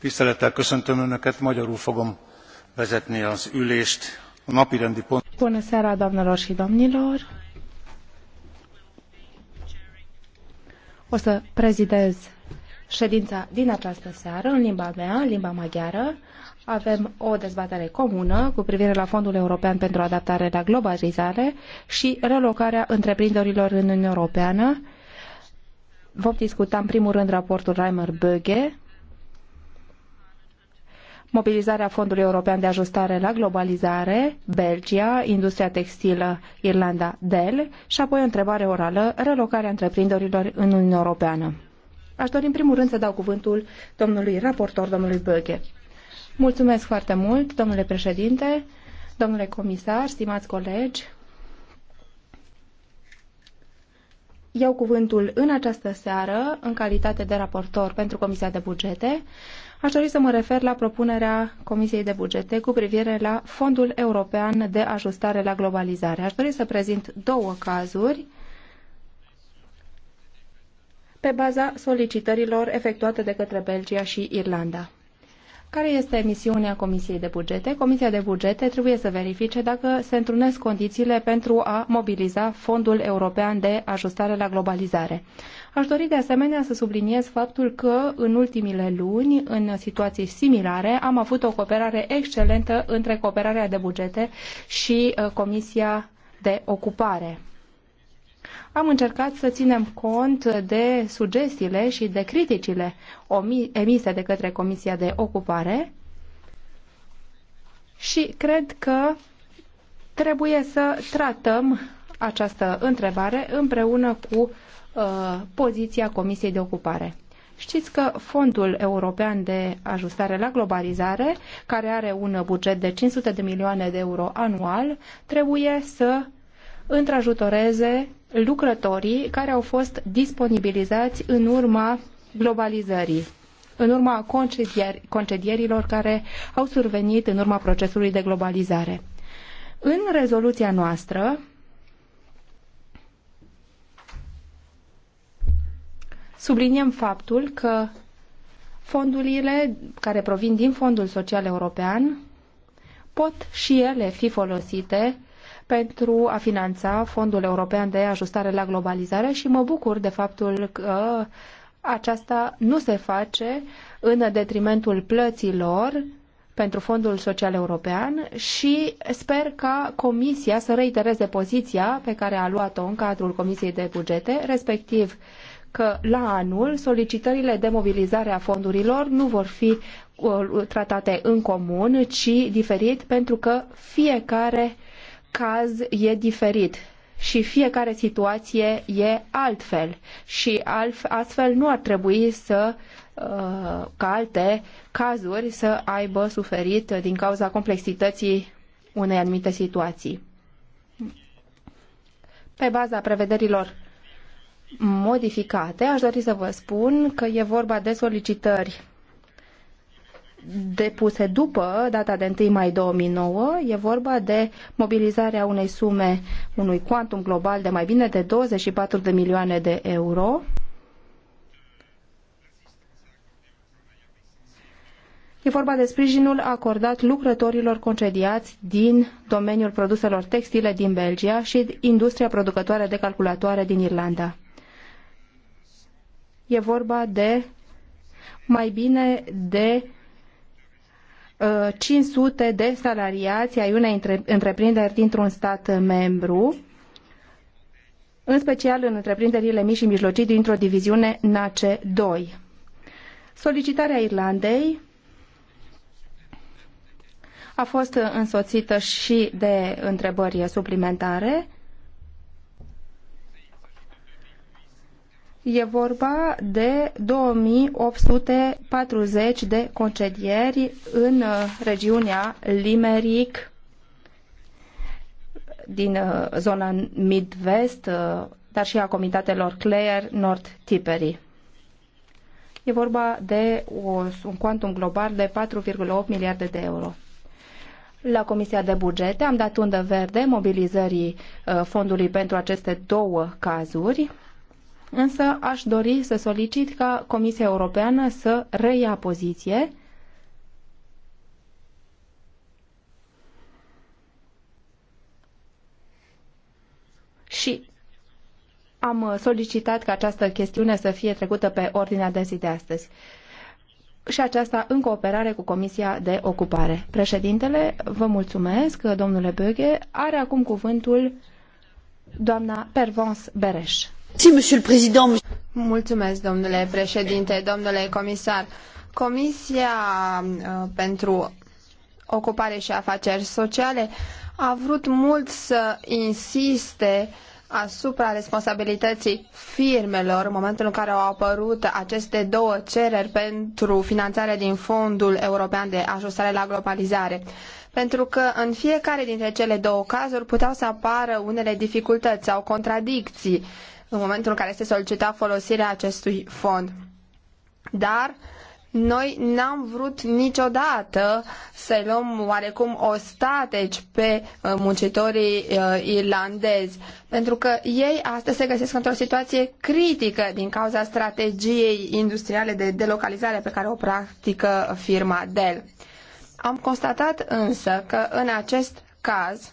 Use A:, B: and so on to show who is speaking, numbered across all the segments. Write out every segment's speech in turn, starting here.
A: tisztelettel köszöntöm önöket magyarul fogom vezetni az ülést a napi rendi pont. Bună seara, doamnelor și domnilor! O să prezidez ședința din această seară în limba mea, limba maghiară. Avem o dezbatere comună cu privire la Fondul European pentru Adaptare la Globalizare și relocarea întreprinderilor în Uniunea Europeană. Vom discuta în primul rând raportul Reimer Böge, mobilizarea Fondului European de Ajustare la Globalizare, Belgia, industria textilă, Irlanda, Del și apoi o întrebare orală, relocarea întreprinderilor în Uniunea Europeană. Aș dori în primul rând să dau cuvântul domnului raportor, domnului Böge. Mulțumesc foarte mult, domnule președinte, domnule comisar, stimați colegi. Iau cuvântul în această seară în calitate de raportor pentru Comisia de Bugete. Aș dori să mă refer la propunerea Comisiei de Bugete cu privire la Fondul European de Ajustare la Globalizare. Aș dori să prezint două cazuri pe baza solicitărilor efectuate de către Belgia și Irlanda. Care este misiunea Comisiei de Bugete? Comisia de Bugete trebuie să verifice dacă se întrunesc condițiile pentru a mobiliza Fondul European de Ajustare la Globalizare. Aș dori de asemenea să subliniez faptul că în ultimile luni, în situații similare, am avut o cooperare excelentă între cooperarea de bugete și uh, Comisia de Ocupare. Am încercat să ținem cont de sugestiile și de criticile emise de către Comisia de Ocupare
B: și cred
A: că trebuie să tratăm această întrebare împreună cu uh, poziția Comisiei de Ocupare. Știți că Fondul European de Ajustare la Globalizare, care are un buget de 500 de milioane de euro anual, trebuie să întrajutoreze lucrătorii care au fost disponibilizați în urma globalizării, în urma concedier concedierilor care au survenit în urma procesului de globalizare. În rezoluția noastră subliniem faptul că fondurile care provin din Fondul Social European pot și ele fi folosite pentru a finanța Fondul European de Ajustare la Globalizare și mă bucur de faptul că aceasta nu se face în detrimentul plăților pentru Fondul Social European și sper ca Comisia să reitereze poziția pe care a luat-o în cadrul Comisiei de Bugete, respectiv că la anul solicitările de mobilizare a fondurilor nu vor fi uh, tratate în comun, ci diferit, pentru că fiecare caz e diferit și fiecare situație e altfel și astfel nu ar trebui să uh, ca alte cazuri să aibă suferit din cauza complexității unei anumite situații. Pe baza prevederilor modificate, aș dori să vă spun că e vorba de solicitări depuse după data de 1 mai 2009. E vorba de mobilizarea unei sume, unui quantum global de mai bine de 24 de milioane de euro. E vorba de sprijinul acordat lucrătorilor concediați din domeniul produselor textile din Belgia și industria producătoare de calculatoare din Irlanda. E vorba de mai bine de 500 uh, de salariați ai unei întreprinderi dintr-un stat membru, în special în întreprinderile mici și mijlocii dintr-o diviziune NACE 2. Solicitarea Irlandei a fost însoțită și de întrebări suplimentare E vorba de 2840 de concedieri în uh, regiunea Limerick, din uh, zona Midwest, uh, dar și a comitatelor Clare, North Tipperary. E vorba de un quantum global de 4,8 miliarde de euro. La Comisia de Bugete am dat undă verde mobilizării fondului pentru aceste două cazuri însă aș dori să solicit ca Comisia Europeană să reia poziție și am solicitat ca această chestiune să fie trecută pe ordinea de zi de astăzi și aceasta în cooperare cu Comisia de Ocupare. Președintele, vă mulțumesc, domnule Böge. Are acum
C: cuvântul doamna Pervons Bereș domnule președinte, domnule comisar. Comisia uh, pentru Ocupare și Afaceri Sociale a vrut mult să insiste asupra responsabilității firmelor în momentul în care au apărut aceste două cereri pentru finanțare din Fondul European de Ajustare la Globalizare. Pentru că în fiecare dintre cele două cazuri puteau să apară unele dificultăți sau contradicții în momentul în care se solicita folosirea acestui fond. Dar noi n-am vrut niciodată să luăm oarecum o stateci pe uh, muncitorii uh, irlandezi, pentru că ei astăzi se găsesc într-o situație critică din cauza strategiei industriale de delocalizare pe care o practică firma Dell. Am constatat însă că în acest caz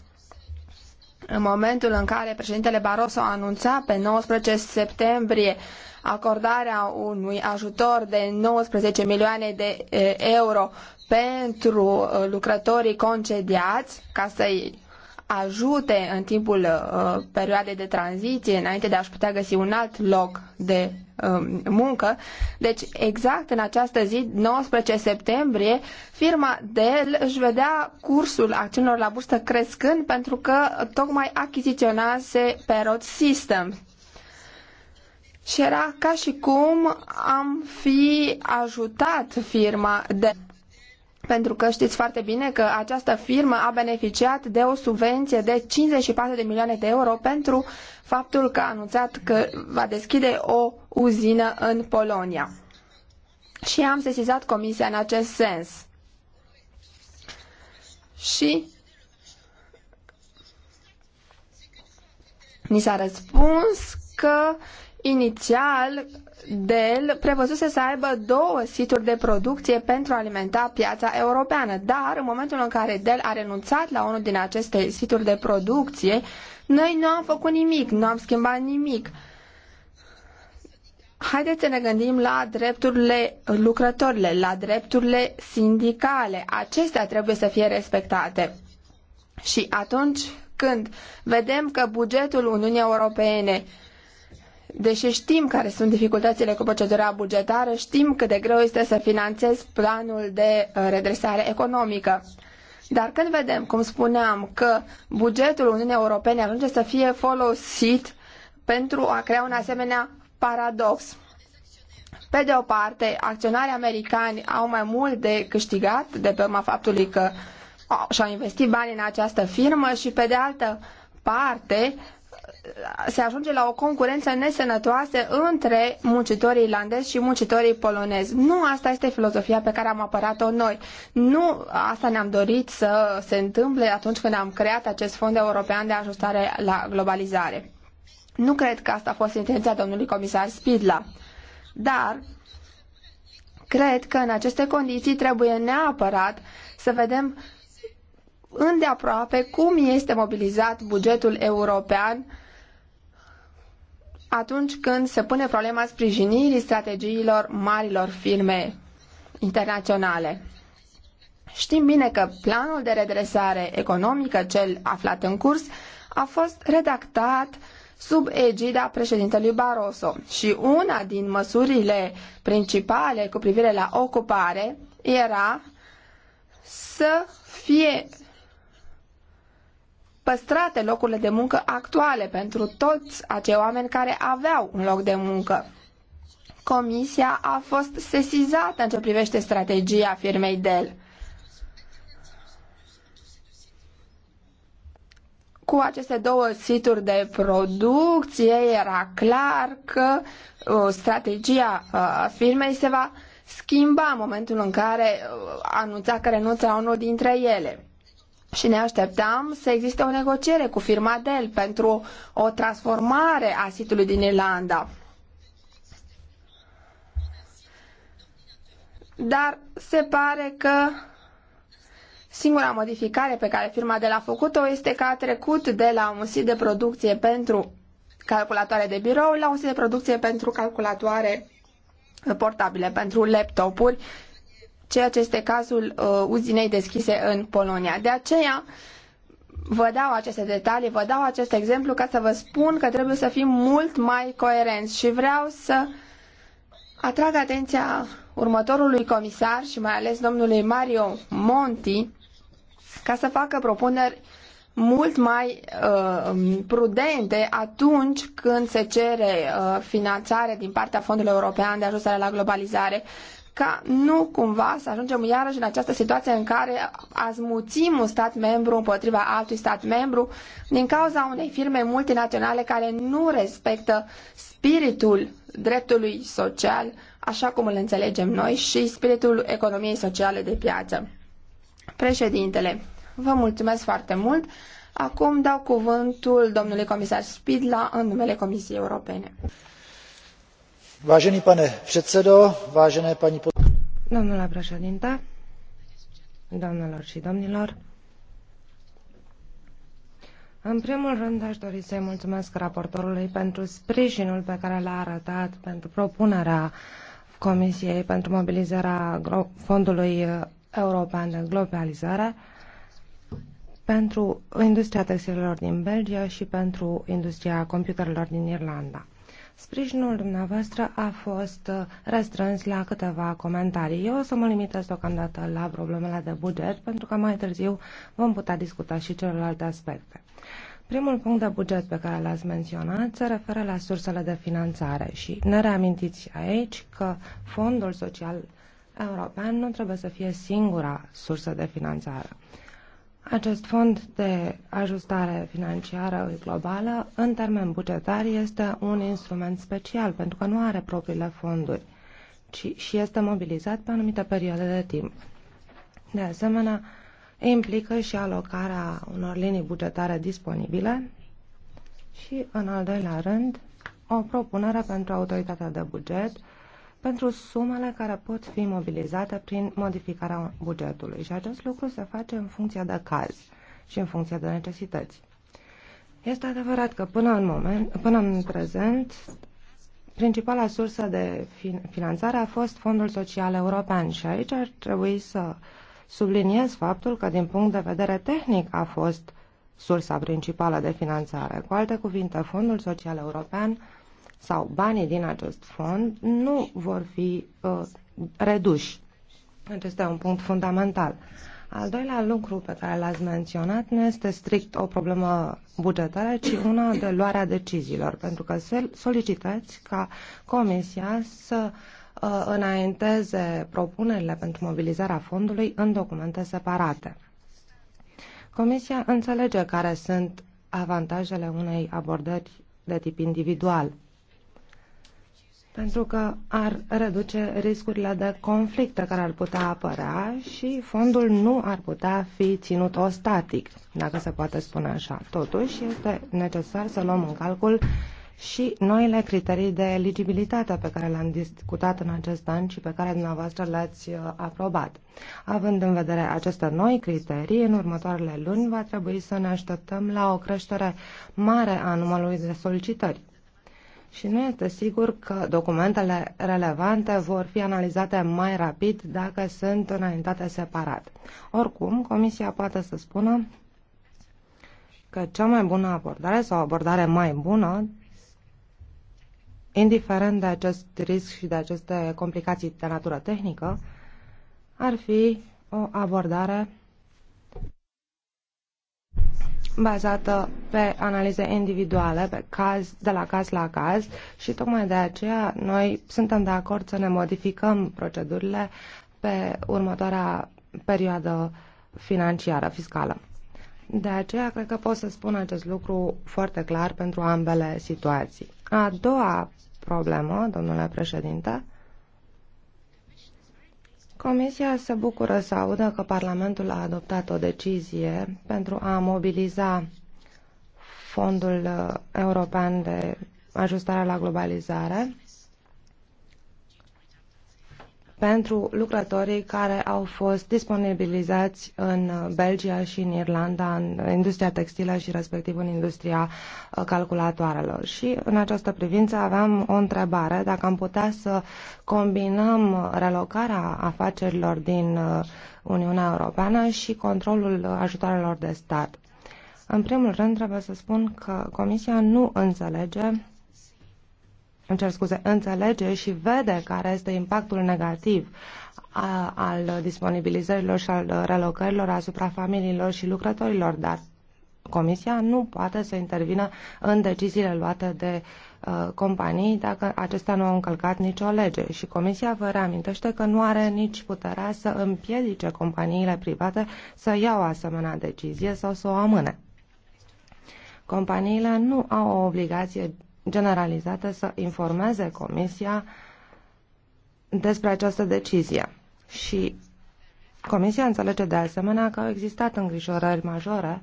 C: în momentul în care președintele Barroso anunța pe 19 septembrie acordarea unui ajutor de 19 milioane de eh, euro pentru eh, lucrătorii concediați, ca să-i ajute în timpul uh, perioadei de tranziție, înainte de a-și putea găsi un alt loc de uh, muncă. Deci, exact în această zi, 19 septembrie, firma Dell își vedea cursul acțiunilor la bursă crescând pentru că tocmai achiziționase Perot system Și era ca și cum am fi ajutat firma de pentru că știți foarte bine că această firmă a beneficiat de o subvenție de 54 de milioane de euro pentru faptul că a anunțat că va deschide o uzină în Polonia. Și am sesizat comisia în acest sens. Și ni s-a răspuns că inițial Dell prevăzuse să aibă două situri de producție pentru a alimenta piața europeană, dar în momentul în care Dell a renunțat la unul din aceste situri de producție, noi nu am făcut nimic, nu am schimbat nimic. Haideți să ne gândim la drepturile lucrătorilor, la drepturile sindicale. Acestea trebuie să fie respectate. Și atunci când vedem că bugetul Uniunii Europene Deși știm care sunt dificultățile cu procedura bugetară, știm cât de greu este să finanțezi planul de uh, redresare economică. Dar când vedem, cum spuneam, că bugetul Uniunii Europene ajunge să fie folosit pentru a crea un asemenea paradox. Pe de o parte, acționarii americani au mai mult de câștigat de pe urma faptului că și-au investit bani în această firmă și pe de altă parte, se ajunge la o concurență nesănătoasă între muncitorii irlandezi și muncitorii polonezi. Nu asta este filozofia pe care am apărat-o noi. Nu asta ne-am dorit să se întâmple atunci când am creat acest fond european de ajustare la globalizare. Nu cred că asta a fost intenția domnului comisar Spidla. Dar cred că în aceste condiții trebuie neapărat să vedem îndeaproape cum este mobilizat bugetul european atunci când se pune problema sprijinirii strategiilor marilor firme internaționale. Știm bine că planul de redresare economică, cel aflat în curs, a fost redactat sub egida președintelui Barroso și una din măsurile principale cu privire la ocupare era să fie păstrate locurile de muncă actuale pentru toți acei oameni care aveau un loc de muncă. Comisia a fost sesizată în ce privește strategia firmei Dell. Cu aceste două situri de producție era clar că uh, strategia uh, firmei se va schimba în momentul în care uh, anunța că renunță la unul dintre ele și ne așteptam să existe o negociere cu firma Dell pentru o transformare a sitului din Irlanda. Dar se pare că singura modificare pe care firma Dell a făcut-o este că a trecut de la un sit de producție pentru calculatoare de birou la un sit de producție pentru calculatoare portabile, pentru laptopuri ceea ce este cazul uh, uzinei deschise în Polonia. De aceea vă dau aceste detalii, vă dau acest exemplu ca să vă spun că trebuie să fim mult mai coerenți și vreau să atrag atenția următorului comisar și mai ales domnului Mario Monti ca să facă propuneri mult mai uh, prudente atunci când se cere uh, finanțare din partea Fondului European de Ajustare la Globalizare uh, ca nu cumva să ajungem iarăși în această situație în care azmuțim un stat membru împotriva altui stat membru din cauza unei firme multinaționale care nu respectă spiritul dreptului social așa cum îl înțelegem noi și spiritul economiei sociale de piață. Președintele, vă mulțumesc foarte mult. Acum dau cuvântul domnului comisar Spidla în numele Comisiei Europene.
B: Vážený pane předsedo, vážené paní... Domnule în primul rând aș dori să-i mulțumesc raportorului pentru sprijinul pe care l-a arătat pentru propunerea Comisiei pentru mobilizarea Fondului European de Globalizare pentru industria textilelor din Belgia și pentru industria computerelor din Irlanda. Sprijinul dumneavoastră a fost uh, restrâns la câteva comentarii. Eu o să mă limitez deocamdată la problemele de buget, pentru că mai târziu vom putea discuta și celelalte aspecte. Primul punct de buget pe care l-ați menționat se referă la sursele de finanțare și ne reamintiți aici că Fondul Social European nu trebuie să fie singura sursă de finanțare. Acest fond de ajustare financiară globală, în termen bugetar, este un instrument special pentru că nu are propriile fonduri ci, și este mobilizat pe anumite perioade de timp. De asemenea, implică și alocarea unor linii bugetare disponibile și, în al doilea rând, o propunere pentru autoritatea de buget pentru sumele care pot fi mobilizate prin modificarea bugetului și acest lucru se face în funcție de caz și în funcție de necesități. Este adevărat că până în, moment, până în prezent principala sursă de finanțare a fost Fondul Social European și aici ar trebui să subliniez faptul că din punct de vedere tehnic a fost sursa principală de finanțare. Cu alte cuvinte, Fondul Social European sau banii din acest fond nu vor fi uh, reduși. Acesta este un punct fundamental. Al doilea lucru pe care l-ați menționat nu este strict o problemă bugetară, ci una de luarea deciziilor, pentru că solicitați ca Comisia să uh, înainteze propunerile pentru mobilizarea fondului în documente separate. Comisia înțelege care sunt avantajele unei abordări de tip individual pentru că ar reduce riscurile de conflicte care ar putea apărea și fondul nu ar putea fi ținut ostatic, dacă se poate spune așa. Totuși, este necesar să luăm în calcul și noile criterii de eligibilitate pe care le-am discutat în acest an și pe care dumneavoastră le-ați uh, aprobat. Având în vedere aceste noi criterii, în următoarele luni va trebui să ne așteptăm la o creștere mare a numărului de solicitări și nu este sigur că documentele relevante vor fi analizate mai rapid dacă sunt înaintate separat. Oricum, Comisia poate să spună că cea mai bună abordare sau abordare mai bună, indiferent de acest risc și de aceste complicații de natură tehnică, ar fi o abordare bazată pe analize individuale, pe caz, de la caz la caz și tocmai de aceea noi suntem de acord să ne modificăm procedurile pe următoarea perioadă financiară, fiscală. De aceea cred că pot să spun acest lucru foarte clar pentru ambele situații. A doua problemă, domnule președinte, Comisia se bucură să audă că Parlamentul a adoptat o decizie pentru a mobiliza Fondul European de Ajustare la Globalizare pentru lucrătorii care au fost disponibilizați în Belgia și în Irlanda, în industria textilă și respectiv în industria uh, calculatoarelor. Și în această privință aveam o întrebare, dacă am putea să combinăm relocarea afacerilor din uh, Uniunea Europeană și controlul ajutoarelor de stat. În primul rând, trebuie să spun că Comisia nu înțelege îmi cer scuze, înțelege și vede care este impactul negativ a, al disponibilizărilor și al relocărilor asupra familiilor și lucrătorilor, dar Comisia nu poate să intervină în deciziile luate de uh, companii dacă acestea nu au încălcat nicio lege. Și Comisia vă reamintește că nu are nici puterea să împiedice companiile private să iau asemenea decizie sau să o amâne. Companiile nu au o obligație generalizate să informeze Comisia despre această decizie. Și Comisia înțelege de asemenea că au existat îngrijorări majore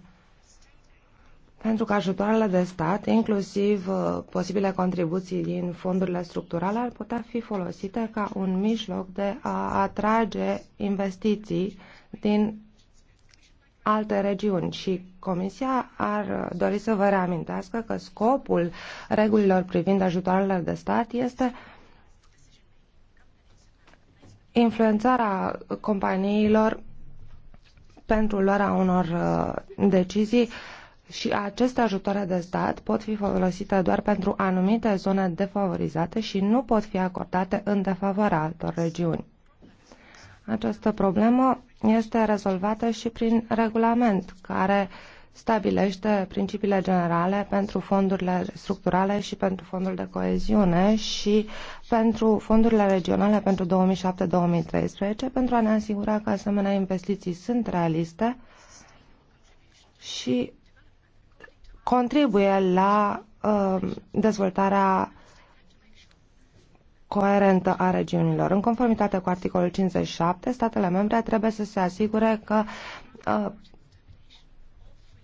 B: pentru că ajutoarele de stat, inclusiv uh, posibile contribuții din fondurile structurale, ar putea fi folosite ca un mijloc de a atrage investiții din alte regiuni și Comisia ar dori să vă reamintească că scopul regulilor privind ajutoarele de stat este influențarea companiilor pentru luarea unor uh, decizii și aceste ajutoare de stat pot fi folosite doar pentru anumite zone defavorizate și nu pot fi acordate în defavoarea altor regiuni. Această problemă este rezolvată și prin regulament care stabilește principiile generale pentru fondurile structurale și pentru fondul de coeziune și pentru fondurile regionale pentru 2007-2013 pentru a ne asigura că asemenea investiții sunt realiste și contribuie la uh, dezvoltarea coerentă a regiunilor. În conformitate cu articolul 57, statele membre trebuie să se asigure că uh,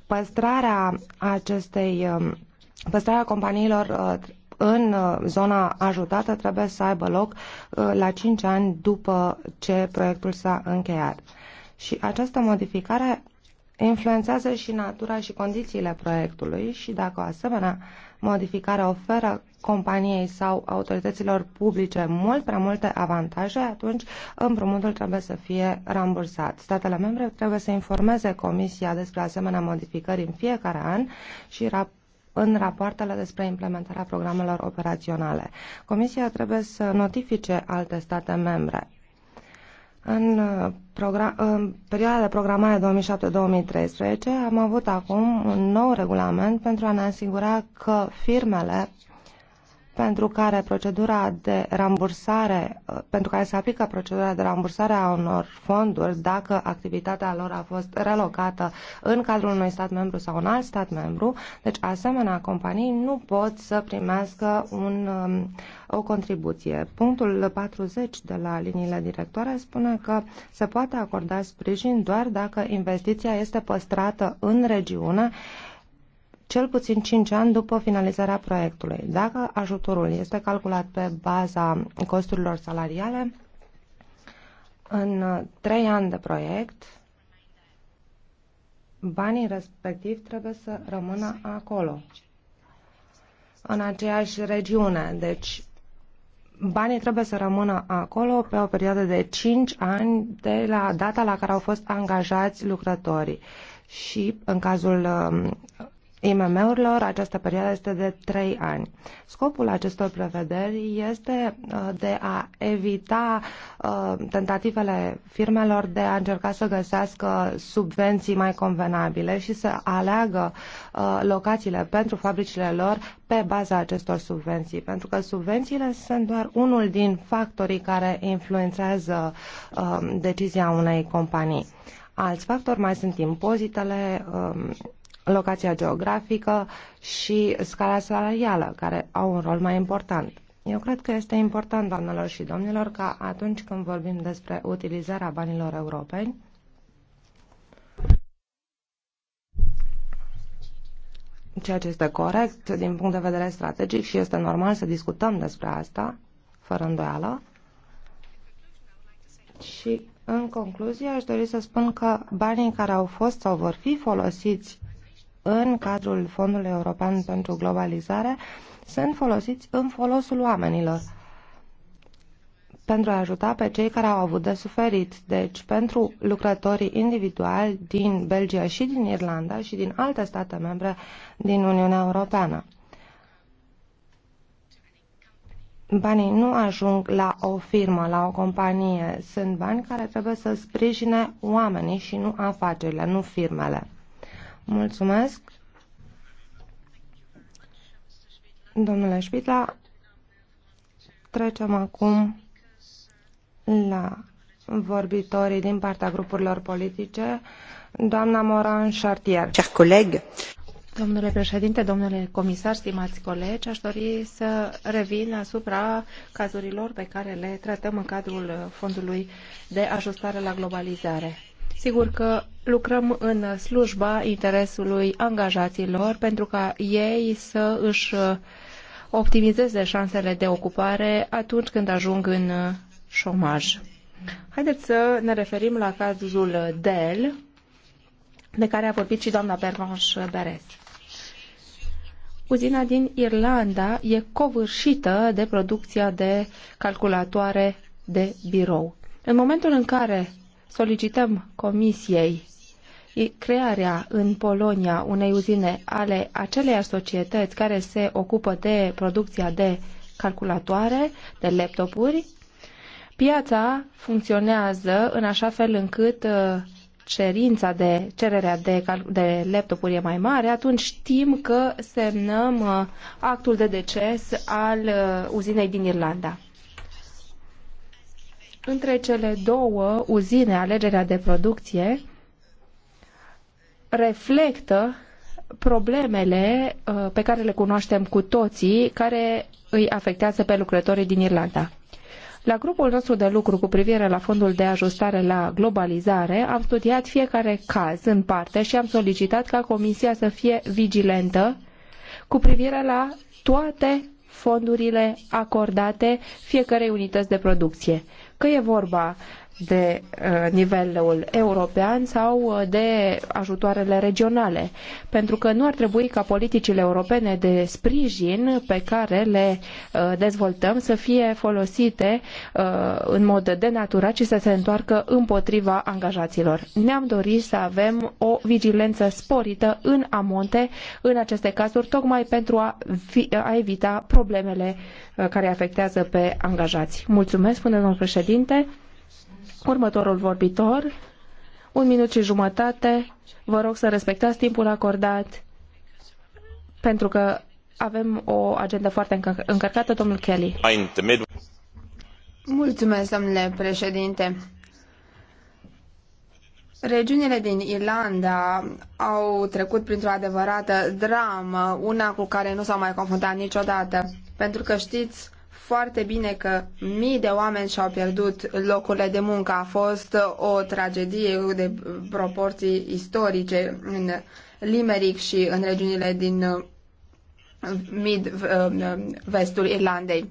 B: păstrarea acestei um, păstrarea companiilor uh, în uh, zona ajutată trebuie să aibă loc la 5 ani după ce proiectul s-a încheiat. Și această modificare influențează și natura și condițiile proiectului și dacă o asemenea modificare oferă companiei sau autorităților publice mult prea multe avantaje, atunci împrumutul trebuie să fie rambursat. Statele membre trebuie să informeze Comisia despre asemenea modificări în fiecare an și rap- în rapoartele despre implementarea programelor operaționale. Comisia trebuie să notifice alte state membre. În, uh, în perioada de programare 2007-2013 am avut acum un nou regulament pentru a ne asigura că firmele pentru care procedura de rambursare, pentru care se aplică procedura de rambursare a unor fonduri dacă activitatea lor a fost relocată în cadrul unui stat membru sau un alt stat membru. Deci asemenea companii nu pot să primească un, um, o contribuție. Punctul 40 de la liniile directoare spune că se poate acorda sprijin doar dacă investiția este păstrată în regiune cel puțin 5 ani după finalizarea proiectului. Dacă ajutorul este calculat pe baza costurilor salariale, în 3 ani de proiect, banii respectiv trebuie să rămână acolo, în aceeași regiune. Deci, banii trebuie să rămână acolo pe o perioadă de 5 ani de la data la care au fost angajați lucrătorii. Și în cazul um, IMM-urilor, această perioadă este de 3 ani. Scopul acestor prevederi este uh, de a evita uh, tentativele firmelor de a încerca să găsească subvenții mai convenabile și să aleagă uh, locațiile pentru fabricile lor pe baza acestor subvenții, pentru că subvențiile sunt doar unul din factorii care influențează um, decizia unei companii. Alți factori mai sunt impozitele, um, locația geografică și scala salarială, care au un rol mai important. Eu cred că este important, doamnelor și domnilor, ca atunci când vorbim despre utilizarea banilor europeni, ceea ce este corect din punct de vedere strategic și este normal să discutăm despre asta, fără îndoială. Și, în concluzie, aș dori să spun că banii care au fost sau vor fi folosiți în cadrul Fondului European pentru Globalizare sunt folosiți în folosul oamenilor pentru a ajuta pe cei care au avut de suferit. Deci, pentru lucrătorii individuali din Belgia și din Irlanda și din alte state membre din Uniunea Europeană. Banii nu ajung la o firmă, la o companie. Sunt bani care trebuie să sprijine oamenii și nu afacerile, nu firmele. Mulțumesc. Domnule Șpitla, trecem acum la vorbitorii din partea grupurilor politice. Doamna Moran Chartier. Chers coleg. Domnule președinte, domnule comisar, stimați colegi, aș dori să revin asupra cazurilor
A: pe care le tratăm în cadrul Fondului de Ajustare la Globalizare. Sigur că lucrăm în slujba interesului angajaților pentru ca ei să își optimizeze șansele de ocupare atunci când ajung în șomaj. Haideți să ne referim la cazul Dell, de care a vorbit și doamna Bervanș Beres. Uzina din Irlanda e covârșită de producția de calculatoare de birou. În momentul în care solicităm Comisiei crearea în Polonia unei uzine ale aceleiași societăți care se ocupă de producția de calculatoare, de laptopuri. Piața funcționează în așa fel încât uh, cerința de cererea de, de laptopuri e mai mare, atunci știm că semnăm uh, actul de deces al uh, uzinei din Irlanda. Între cele două uzine, alegerea de producție reflectă problemele uh, pe care le cunoaștem cu toții, care îi afectează pe lucrătorii din Irlanda. La grupul nostru de lucru cu privire la fondul de ajustare la globalizare, am studiat fiecare caz în parte și am solicitat ca Comisia să fie vigilentă cu privire la toate fondurile acordate fiecarei unități de producție că e vorba de uh, nivelul european sau uh, de ajutoarele regionale, pentru că nu ar trebui ca politicile europene de sprijin pe care le uh, dezvoltăm să fie folosite în mod denaturat și să se întoarcă împotriva angajaților. Ne-am dorit să avem o vigilență sporită în amonte în aceste cazuri, tocmai pentru a, a evita problemele care afectează pe angajați. Mulțumesc, până domnul președinte. Următorul vorbitor, un minut și jumătate, vă rog să respectați timpul acordat, pentru
C: că avem o agendă foarte încărcată, domnul Kelly. Mulțumesc, domnule președinte. Regiunile din Irlanda au trecut printr-o adevărată dramă, una cu care nu s-au mai confruntat niciodată. Pentru că știți, foarte bine că mii de oameni și-au pierdut locurile de muncă. A fost o tragedie de proporții istorice în Limerick și în regiunile din uh, mid-vestul uh, uh, Irlandei.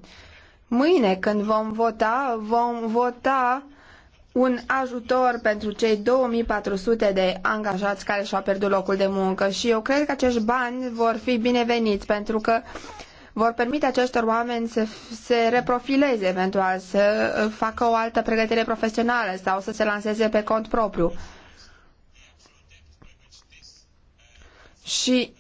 C: Mâine, când vom vota, vom vota un ajutor pentru cei 2400 de angajați care și-au pierdut locul de muncă și eu cred că acești bani vor fi bineveniți pentru că vor permite acestor oameni să se reprofileze eventual, să uh, facă o altă pregătire profesională sau să se lanseze pe cont propriu. Și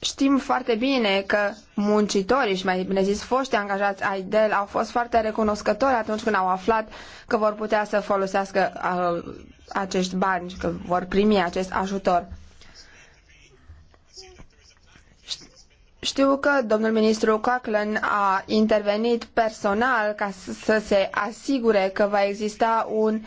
C: Știm foarte bine că muncitorii și mai bine zis foștii angajați ai Dell au fost foarte recunoscători atunci când au aflat că vor putea să folosească uh, acești bani, că vor primi acest ajutor. Știu că domnul ministru Coughlin a intervenit personal ca să se asigure că va exista un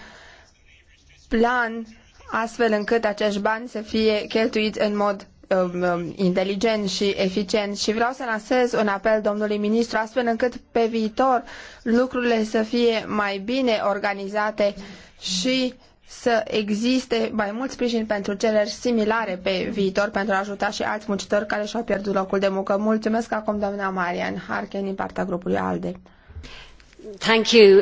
C: plan astfel încât acești bani să fie cheltuiți în mod um, um, inteligent și eficient și vreau să lansez un apel domnului ministru astfel încât pe viitor lucrurile să fie mai bine organizate și uh, să existe mai mult sprijin pentru cereri similare pe viitor pentru a ajuta și alți muncitori care și-au pierdut locul de muncă. Mulțumesc acum doamna Marian Harken din
B: partea grupului ALDE. Thank you,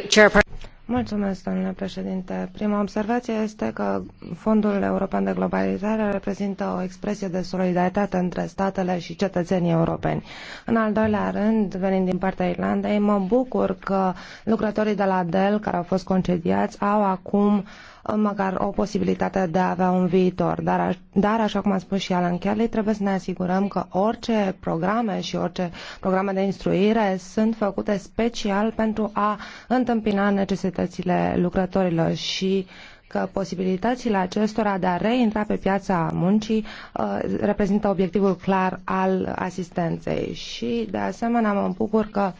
B: Mulțumesc, domnule președinte. Prima observație este că Fondul European de Globalizare reprezintă o expresie de solidaritate între statele și cetățenii europeni. În al doilea rând, venind din partea Irlandei, mă bucur că lucrătorii de la Dell, care au fost concediați, au acum uh, Uh, măcar o posibilitate de a avea un viitor. Dar, dar așa cum a spus și Alan Kelly, trebuie să ne asigurăm că orice programe și orice programe de instruire sunt făcute special pentru a întâmpina necesitățile lucrătorilor și că posibilitățile acestora de a reintra pe piața muncii uh, reprezintă obiectivul clar al asistenței. Și, de asemenea, mă bucur că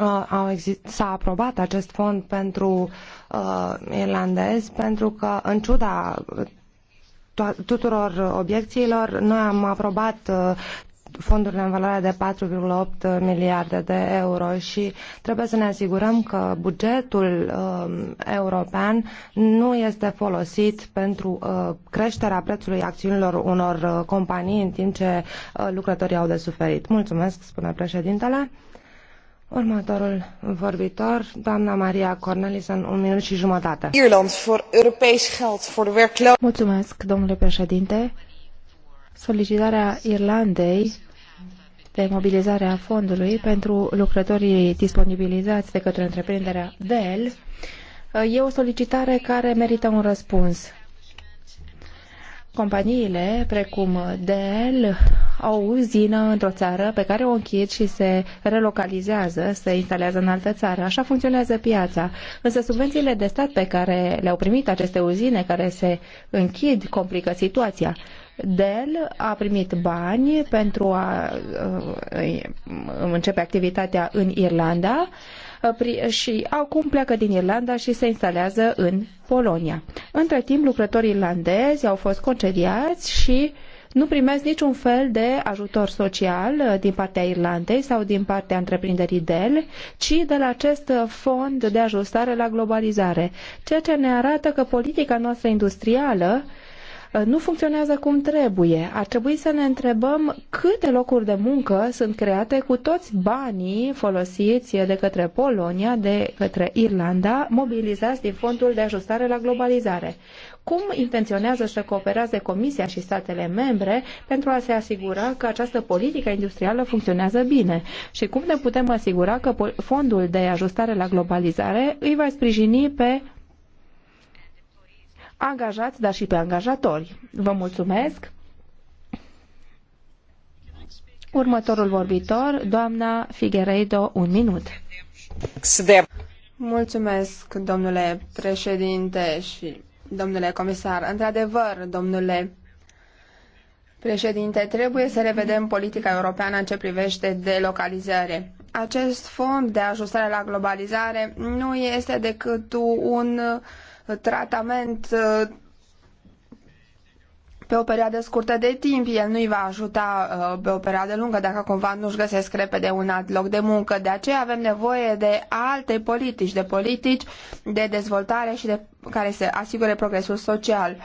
B: Uh, s-a aprobat acest fond pentru uh, irlandezi pentru că, în ciuda tuturor obiecțiilor, noi am aprobat uh, fondurile în valoare de 4,8 miliarde de euro și trebuie să ne asigurăm că bugetul uh, european nu este folosit pentru uh, creșterea prețului acțiunilor unor uh, companii în timp ce uh, lucrătorii au de suferit. Mulțumesc, spune președintele. Următorul vorbitor, doamna Maria în un minut și jumătate. Ierland,
C: for europees geld for de werklozen.
B: Mulțumesc, domnule președinte.
A: Solicitarea Irlandei de mobilizare a fondului pentru lucrătorii disponibilizați de către întreprinderea Dell e o solicitare care merită un răspuns. Companiile precum Dell au o uzină într-o țară pe care o închid și se relocalizează, se instalează în altă țară. Așa funcționează piața. Însă subvențiile de stat pe care le-au primit aceste uzine care se închid complică situația. Dell a primit bani pentru a uh, începe activitatea în Irlanda Uh, și acum pleacă din Irlanda și se instalează în Polonia. Între timp, lucrătorii irlandezi au fost concediați și nu primesc niciun fel de ajutor social uh, din partea Irlandei sau din partea întreprinderii Dell, ci de la acest fond de ajustare la globalizare, ceea ce ne arată că politica noastră industrială Uh, nu funcționează cum trebuie. Ar trebui să ne întrebăm câte locuri de muncă sunt create cu toți banii folosiți de către Polonia, de către Irlanda, mobilizați din fondul de ajustare la globalizare. Cum intenționează să coopereze Comisia și statele membre pentru a se asigura că această politică industrială funcționează bine? Și cum ne putem asigura că fondul de ajustare la globalizare îi va sprijini pe angajați, dar și pe angajatori. Vă mulțumesc! Următorul vorbitor, doamna Figueiredo, un minut.
C: Mulțumesc, domnule președinte și domnule comisar. Într-adevăr, domnule președinte, trebuie să revedem politica europeană în ce privește delocalizare. Acest fond de ajustare la globalizare nu este decât un uh, tratament uh, pe o perioadă scurtă de timp, el nu îi va ajuta uh, pe o perioadă lungă dacă cumva nu-și găsesc repede un alt loc de muncă. De aceea avem nevoie de alte politici, de politici de dezvoltare și de care să asigure progresul social.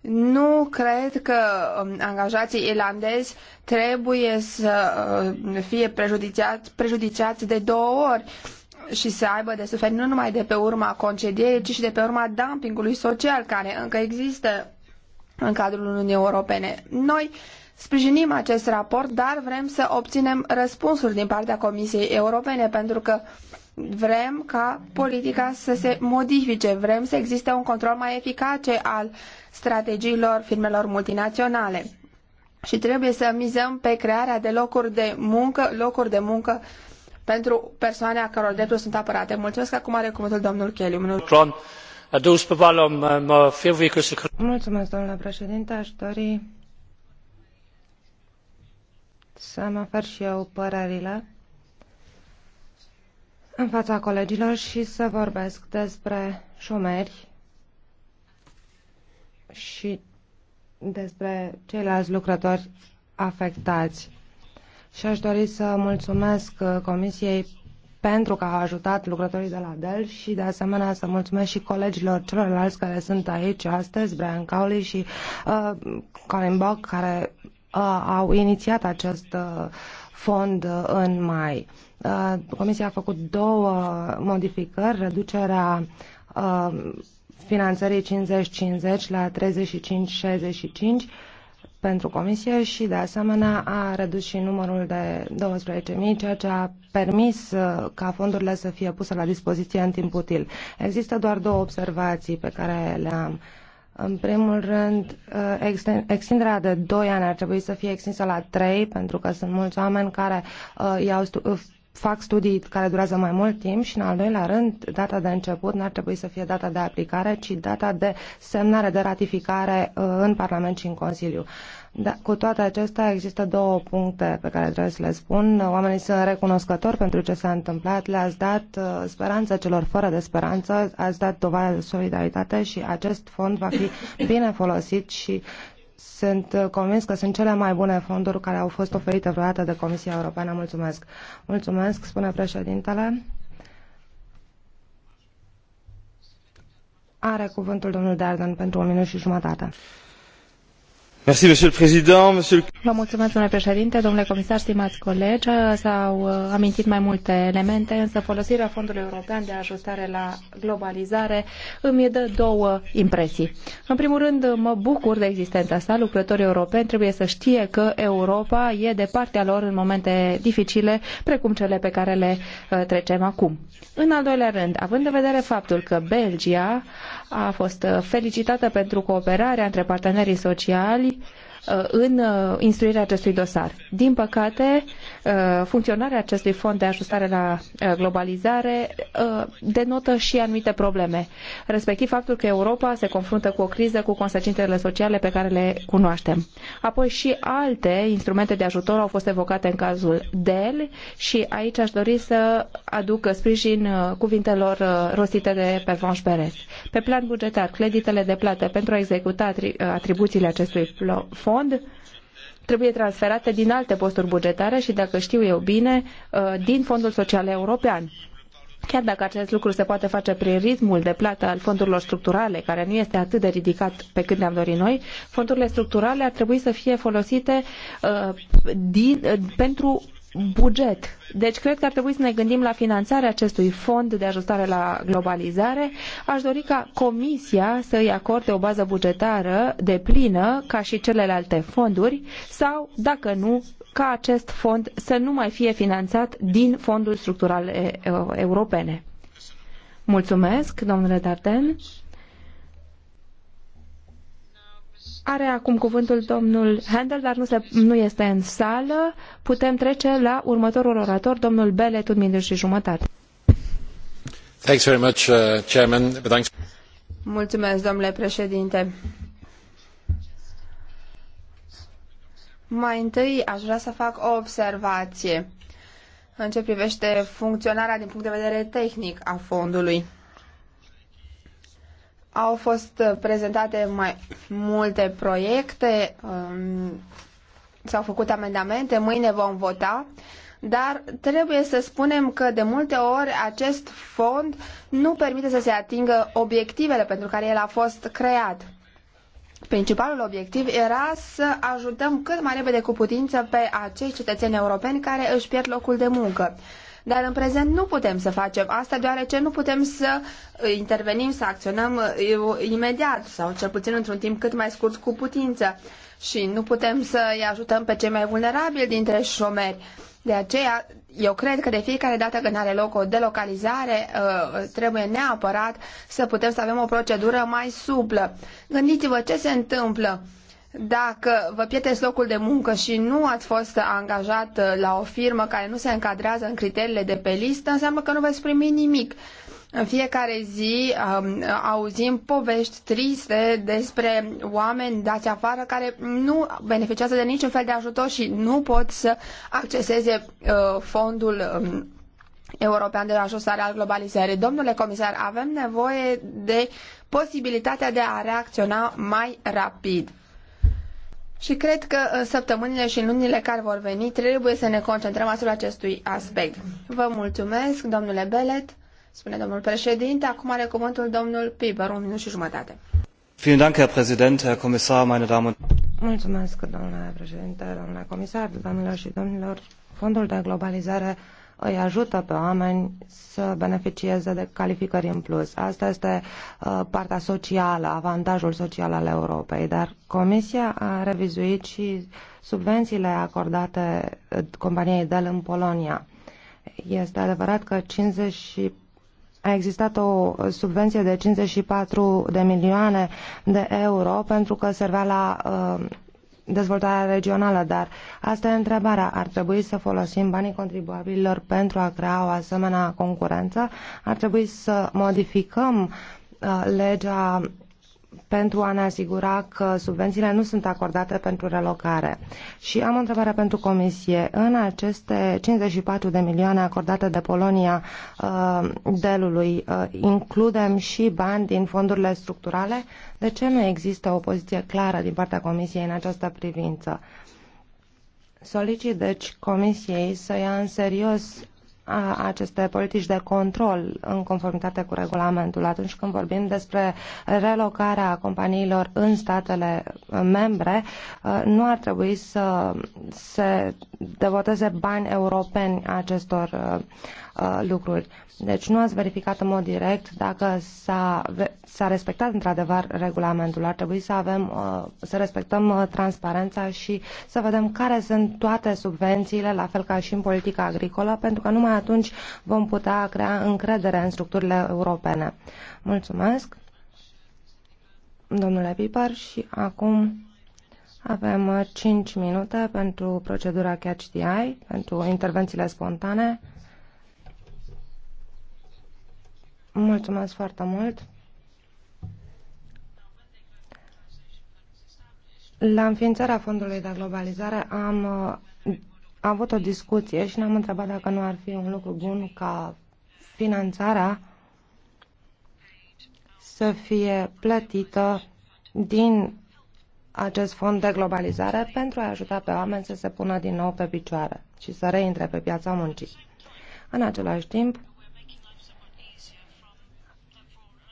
C: Nu cred că um, angajații irlandezi trebuie să uh, fie prejudiciați, prejudiciați de două ori și să aibă de suferit nu numai de pe urma concedierii, ci și de pe urma dumpingului social care încă există în cadrul Uniunii Europene. Noi sprijinim acest raport, dar vrem să obținem răspunsuri din partea Comisiei Europene, pentru că vrem ca politica să se modifice, vrem să existe un control mai eficace al strategiilor firmelor multinaționale. Și trebuie să mizăm pe crearea de locuri de muncă, locuri de muncă pentru persoane a căror drepturi sunt apărate. Mulțumesc. că Acum are cuvântul domnul Kelly.
B: Mulțumesc, domnule președinte. Aș dori să mă fac și eu părerile în fața colegilor și să vorbesc despre șomeri și despre ceilalți lucrători afectați și aș dori să mulțumesc uh, Comisiei pentru că a ajutat lucrătorii de la Dell și de asemenea să mulțumesc și colegilor celorlalți care sunt aici astăzi, Brian Cowley și uh, Colin Bock, care uh, au inițiat acest uh, fond uh, în mai. Uh, Comisia a făcut două modificări, reducerea uh, finanțării 50-50 la 35-65 pentru comisie și, de asemenea, a redus și numărul de 12.000, ceea ce a permis uh, ca fondurile să fie puse la dispoziție în timp util. Există doar două observații pe care le-am. În primul rând, uh, extinderea de 2 ani ar trebui să fie extinsă la 3, pentru că sunt mulți oameni care uh, iau fac studii care durează mai mult timp și, în al doilea rând, data de început n-ar trebui să fie data de aplicare, ci data de semnare, de ratificare uh, în Parlament și în Consiliu. Da, cu toate acestea, există două puncte pe care trebuie să le spun. Oamenii sunt recunoscători pentru ce s-a întâmplat, le-ați dat uh, speranță celor fără de speranță, ați dat dovadă de solidaritate și acest fond va fi bine folosit și sunt uh, convins că sunt cele mai bune fonduri care au fost oferite vreodată de Comisia Europeană. Mulțumesc. Mulțumesc, spune președintele. Are cuvântul domnul Darden pentru o minut și jumătate. Vă mulțumesc, domnule președinte, domnule comisar, stimați colegi. S-au uh, amintit mai
A: multe elemente, însă folosirea Fondului European de Ajustare la Globalizare îmi dă două impresii. În primul rând, mă bucur de existența sa. Lucrătorii europeni trebuie să știe că Europa e de partea lor în momente dificile, precum cele pe care le uh, trecem acum. În al doilea rând, având în vedere faptul că Belgia a fost uh, felicitată pentru cooperarea între partenerii sociali Uh, în uh, instruirea acestui dosar. Din păcate, uh, funcționarea acestui fond de ajustare la globalizare denotă și anumite probleme, respectiv faptul că Europa se confruntă cu o criză cu consecințele sociale pe care le cunoaștem. Apoi și alte instrumente de ajutor au fost evocate în cazul DEL și aici aș dori să aduc sprijin cuvintelor rostite de pe Vange Perez. Pe plan bugetar, creditele de plată pentru a executa atribuțiile acestui fond fond trebuie transferate din alte posturi bugetare și, dacă știu eu bine, uh, din Fondul Social European. Chiar dacă acest lucru se poate face prin ritmul de plată al fondurilor structurale, care nu este atât de ridicat pe cât ne-am dorit noi, fondurile structurale ar trebui să fie folosite uh, din, uh, pentru buget. Deci cred că ar trebui să ne gândim la finanțarea acestui fond de ajustare la globalizare. Aș dori ca Comisia să îi acorde o bază bugetară de plină, ca și celelalte fonduri, sau, dacă nu, ca acest fond să nu mai fie finanțat din fondul structural europene. Mulțumesc, domnule Darden. Are acum cuvântul domnul Handel, dar nu, se, nu este în sală. Putem trece la următorul orator, domnul Belet,
C: un minut și jumătate. Thanks very much, uh, Chairman. Thanks. Mulțumesc, domnule președinte. Mai întâi aș vrea să fac o observație în ce privește funcționarea din punct de vedere tehnic a fondului. Au fost prezentate mai multe proiecte, um, s-au făcut amendamente, mâine vom vota, dar trebuie să spunem că de multe ori acest fond nu permite să se atingă obiectivele pentru care el a fost creat. Principalul obiectiv era să ajutăm cât mai repede cu putință pe acei cetățeni europeni care își pierd locul de muncă dar în prezent nu putem să facem asta deoarece nu putem să intervenim, să acționăm uh, imediat sau cel puțin într-un timp cât mai scurt cu putință și nu putem să îi ajutăm pe cei mai vulnerabili dintre șomeri. De aceea, eu cred că de fiecare dată când are loc o delocalizare, uh, trebuie neapărat să putem să avem o procedură mai suplă. Gândiți-vă ce se întâmplă dacă vă pierdeți locul de muncă și nu ați fost angajat uh, la o firmă care nu se încadrează în criteriile de pe listă, înseamnă că nu veți primi nimic. În fiecare zi um, auzim povești triste despre oameni dați afară care nu beneficiază de niciun fel de ajutor și nu pot să acceseze uh, fondul um, european de ajustare al globalizării. Domnule comisar, avem nevoie de posibilitatea de a reacționa mai rapid. Și cred că uh, săptămânile și în lunile care vor veni trebuie să ne concentrăm asupra acestui aspect. Vă mulțumesc, domnule Belet, spune domnul președinte. Acum are cuvântul domnul Piber, un
B: minut și jumătate. Mulțumesc, domnule președinte, domnule comisar, domnilor și domnilor. Fondul de globalizare îi ajută pe oameni să beneficieze de calificări în plus. Asta este uh, partea socială, avantajul social al Europei, dar Comisia a revizuit și subvențiile acordate uh, companiei Dell în Polonia. Este adevărat că 50 a existat o subvenție de 54 de milioane de euro pentru că servea la uh, dezvoltarea regională, dar asta e întrebarea. Ar trebui să folosim banii contribuabililor pentru a crea o asemenea concurență? Ar trebui să modificăm uh, legea pentru a ne asigura că subvențiile nu sunt acordate pentru relocare. Și am o întrebare pentru Comisie. În aceste 54 de milioane acordate de Polonia uh, delului, uh, includem și bani din fondurile structurale? De ce nu există o poziție clară din partea Comisiei în această privință? Solicit, deci, Comisiei să ia în serios aceste politici de control în conformitate cu regulamentul atunci când vorbim despre relocarea companiilor în statele membre, nu ar trebui să se devoteze bani europeni acestor uh, lucruri. Deci nu ați verificat în mod direct dacă s-a, s-a respectat într-adevăr regulamentul. Ar trebui să avem, uh, să respectăm uh, transparența și să vedem care sunt toate subvențiile, la fel ca și în politica agricolă, pentru că numai atunci vom putea crea încredere în structurile europene. Mulțumesc, domnule Pipar, și acum avem 5 uh, minute pentru procedura Catch the Eye, pentru intervențiile spontane. Mulțumesc foarte mult. La înființarea Fondului de Globalizare am uh, am avut o discuție și ne-am întrebat dacă nu ar fi un lucru bun ca finanțarea să fie plătită din acest fond de globalizare pentru a ajuta pe oameni să se pună din nou pe picioare și să reintre pe piața muncii. În același timp,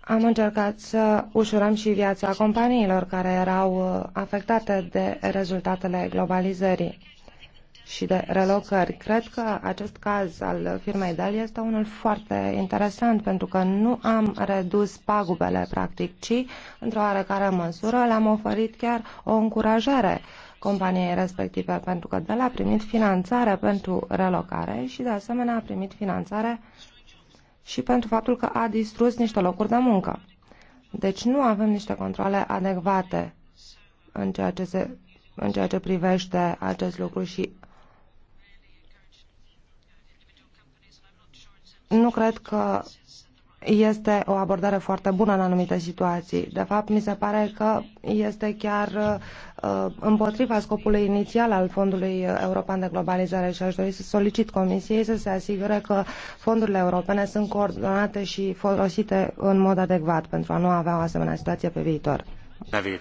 B: am încercat să ușurăm și viața companiilor care erau uh, afectate de rezultatele globalizării și de relocări. Cred că acest caz al firmei Dell este unul foarte interesant pentru că nu am redus pagubele practic, ci într-o oarecare măsură le-am oferit chiar o încurajare companiei respective pentru că Dell a primit finanțare pentru relocare și de asemenea a primit finanțare și pentru faptul că a distrus niște locuri de muncă. Deci nu avem niște controle adecvate în ceea ce, se, în ceea ce privește acest lucru și nu cred că este o abordare foarte bună în anumite situații. De fapt, mi se pare că este chiar uh, împotriva scopului inițial al Fondului European de Globalizare și aș dori să solicit Comisiei să se asigure că fondurile europene sunt coordonate și folosite în mod adecvat pentru a nu avea o asemenea situație pe viitor. David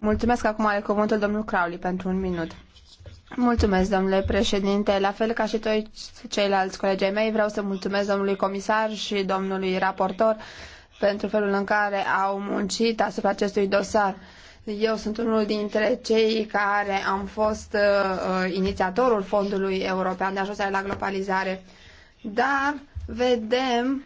C: Mulțumesc acum ale cuvântul domnul Crowley pentru un minut. Mulțumesc, domnule președinte. La fel ca și toți ceilalți colegii mei, vreau să mulțumesc domnului comisar și domnului raportor pentru felul în care au muncit asupra acestui dosar. Eu sunt unul dintre cei care am fost uh, uh inițiatorul Fondului European de Ajustare la Globalizare, dar vedem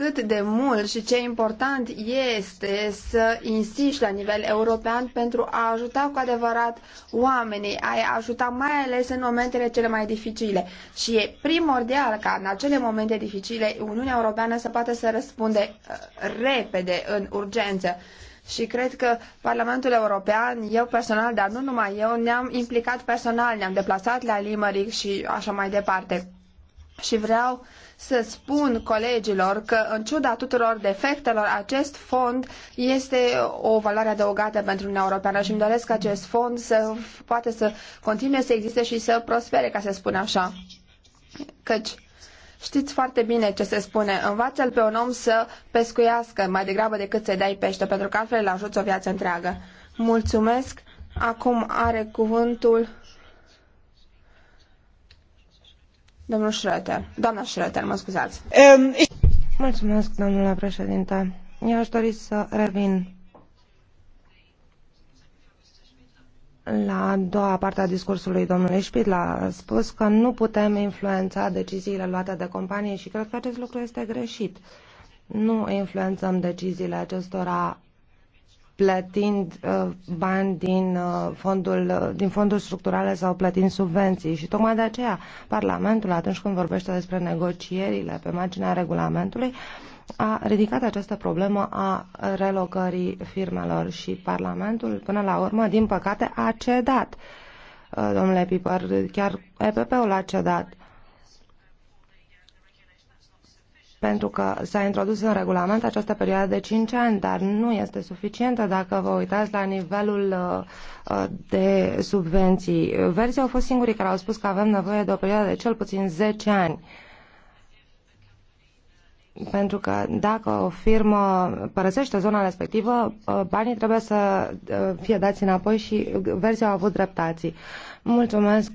C: cât de mult și ce important este să insiști la nivel european pentru a ajuta cu adevărat oamenii, a ajuta mai ales în momentele cele mai dificile. Și e primordial ca în acele momente dificile Uniunea Europeană să poată să răspunde uh, repede, în urgență. Și cred că Parlamentul European, eu personal, dar nu numai eu, ne-am implicat personal, ne-am deplasat la Limerick și așa mai departe. Și vreau să spun colegilor că, în ciuda tuturor defectelor, acest fond este o valoare adăugată pentru Uniunea Europeană și îmi doresc ca acest fond să poate să continue să existe și să prospere, ca să spun așa. Căci Știți foarte bine ce se spune. Învață-l pe un om să pescuiască mai degrabă decât să-i dai pește, pentru că altfel îl ajuți o viață întreagă. Mulțumesc. Acum are cuvântul Domnul Schröter, doamna Schröter, mă scuzați.
B: Mulțumesc, domnule președinte. Eu aș dori să revin la a doua parte a discursului domnului Spidla. A spus că nu putem influența deciziile luate de companii și cred că acest lucru este greșit. Nu influențăm deciziile acestora plătind uh, bani din, uh, fondul, uh, din fonduri structurale sau plătind subvenții. Și tocmai de aceea Parlamentul, atunci când vorbește despre negocierile pe marginea regulamentului, a ridicat această problemă a relocării firmelor și Parlamentul, până la urmă, din păcate, a cedat. Uh, domnule Piper, chiar EPP-ul a cedat. Uh, pentru că s-a introdus în regulament această perioadă de 5 ani, dar nu este suficientă dacă vă uitați la nivelul uh, de subvenții. Verzii au fost singurii care au spus că avem nevoie de o perioadă de cel puțin 10 ani. Pentru că dacă o firmă părăsește zona respectivă, uh, banii trebuie să uh, fie dați înapoi și verzii au avut dreptații. Mulțumesc.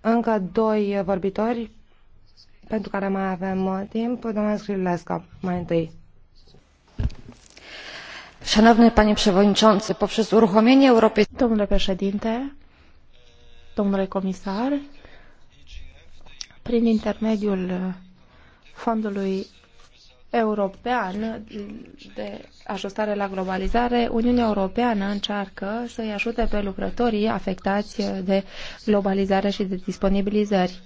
B: Încă doi vorbitori pentru care mai avem uh, timp, doamna Scrivlesca, mai întâi. Szanowny panie przewodniczący, poprzez uruchomienie europejskiej... Domnule
A: președinte, domnule comisar, prin intermediul Fondului European de ajustare la globalizare, Uniunea Europeană încearcă să-i ajute pe lucrătorii afectați de globalizare și de disponibilizări.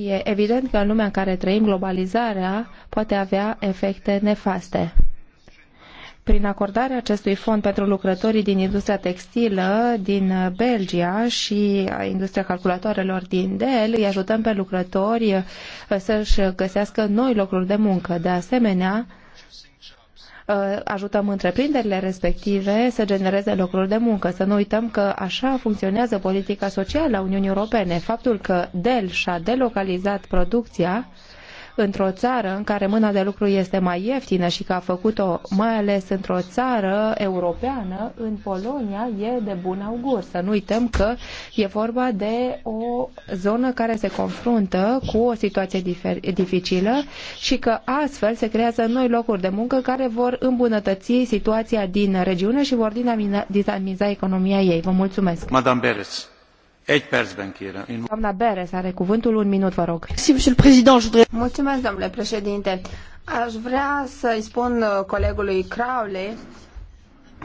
A: E evident că în lumea în care trăim globalizarea poate avea efecte nefaste. Prin acordarea acestui fond pentru lucrătorii din industria textilă din Belgia și industria calculatoarelor din Dell, îi ajutăm pe lucrători să-și găsească noi locuri de muncă. De asemenea, Uh, ajutăm întreprinderile respective să genereze locuri de muncă. Să nu uităm că așa funcționează politica socială a Uniunii Europene. Faptul că Dell și-a delocalizat producția într-o țară în care mâna de lucru este mai ieftină și că a făcut-o mai ales într-o țară europeană, în Polonia, e de bun augur. Să nu uităm că e vorba de o zonă care se confruntă cu o situație dificilă și că astfel se creează noi locuri de muncă care vor îmbunătăți situația din regiune și vor dinamiza economia ei.
C: Vă mulțumesc!
A: Madame Beres. Doamna
C: un minut, Mulțumesc, domnule președinte. Aș vrea să-i spun uh, colegului Crowley